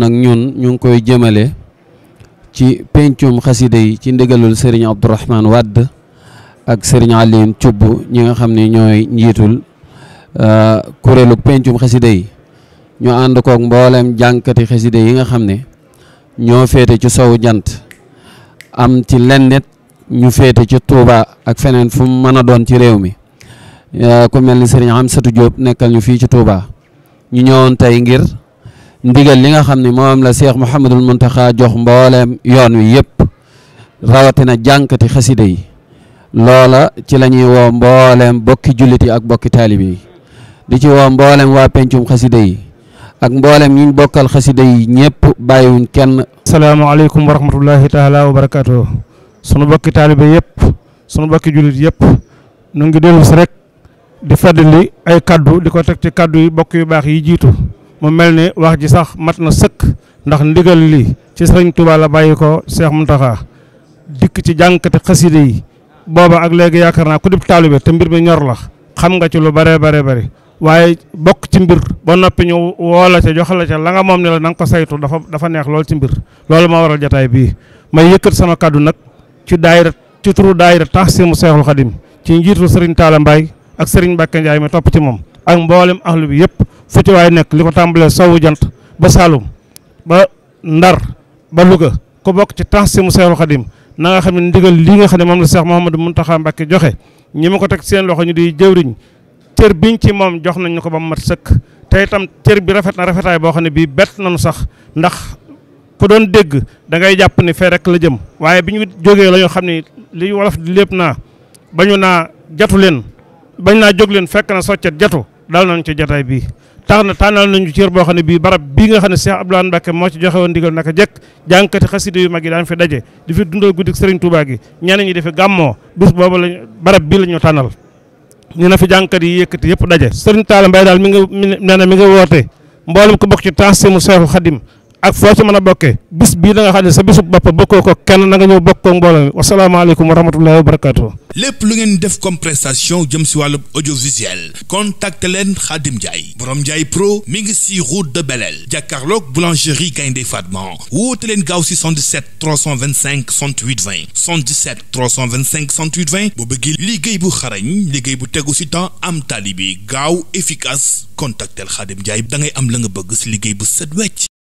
nag ñun ñu ngi koy jëmale ci pencum xasida yi ci ndigalul sëriñ Abdourahman Wadd ak sëriñ Alioune Thioub ñi nga xam ne ñooy njiitul euh, kuréelu pencum xasida yi ñu ànd koog mboolem jànkati xasida yi nga xam ne ñoo féete ci sow jant am ci lennet ñu féete ci Touba ak feneen fu mu mën a doon ci réew mi euh, ku mel ni sëriñ Amsatou Diop nekkal ñu fii ci Touba ñu ñëwoon tey ngir. ndigal li nga xam ne moom la Cheikh Mouhamadul Mountakha jox mbooleem yoon wi yëpp rawatina jànkati xasida yi loola ci la ñuy woo bokki juliti ak bokki taalib di ci woo mboolem waa pencum xasida yi ak mboolem ñi ñu bokkal xasida yi ñëpp bàyyiwuñ kenn. salaamaaleykum wa rahmatullahi taala wa barakaatu sunu bokki taalibe yep sunu bokki yep, yëpp nu ngi dellu si rek di fàttali ay kaddu ci kaddu yi yu yi mu melni wax ji sax matna seuk ndax ndigal li ci serigne Touba la bayiko ko Cheikh Mountakha dik ci jankati xaside yi boba ak léegi yakarna ku dib talibé te mbir bi ñor la xam nga ci lu bare bare bare waye bok ci mbir bo nopi ñu wola ci jox la ci la nga mom ni la nang ko saytu dafa dafa neex lol ci mbir lol ma waral jotaay bi may yëkkat sama kaddu nak ci daayira ci turu daayira tahsimu cheikhul khadim ci njiitul serigne Taala ak serigne Mbàkke mi top ci mom ak ahlu bi fu ci waay nekk li ko tàmbalee sowu jant ba Saalum ba Ndar ba Louga ku bokk ci tansimu Seexul Xadim na nga xam ne ndigal lii nga xam ne moom la Seex Muhammadu Muntaxa Mbàkke joxe ñi ma ko teg seen loxo ñu di jëwriñ cër biñ ci moom jox nañ ñu ko ba mat sëkk te itam cër bi rafet na rafetaay boo xam ne bii bett nañu sax ndax ku doon dégg da ngay jàpp ne fee rek la jëm waaye bi ñu jógee la ñu xam ne li wolof di lépp naa bañu naa jatu leen bañ naa jóg leen fekk na soccet jatu dal nañ ci bii tax na tànnal nañu cër boo xam ne bii barab bii nga xam ne Cheikh Abdoulaye Mbacke moo ci joxe woon ndigal naka jekk jàngkati xasida yu mag yi daan fi daje di fi dundal guddik Serigne Touba gi ñeneen ñi dafa gàmmoo bis boobu lañ barab bii la ñu tànnal fi jàngkat yi yëkkati yëpp daje Serigne Talla Mbaye daal mi nga nee na mi nga woote mboolem ko bokk ci tans mu Cheikhu Khadim ak foo ci mën bokké bis bi da nga xam sa bisu bop bokkoo ko kenn na nga bokko bokkoo wa mi wasalaamaaleykum wa rahmatullahi wa barakaatu. lepp lu ngeen def comme prestation jëm si wàllu audiovisuel contact len Khadim Ndiaye borom Ndiaye pro mi ngi ci route de Belel jàkkaarloog boulangerie Gaynde Fatma woote len gaaw ci 77 325 68 20 77 325 68 20 bu bëggee liggéey bu xarañ liggéey bu tegu ci temps am talibi bi gaaw efficace contactel Khadim Ndiaye da ngay am la nga bëgg si liggéey bu set wecc.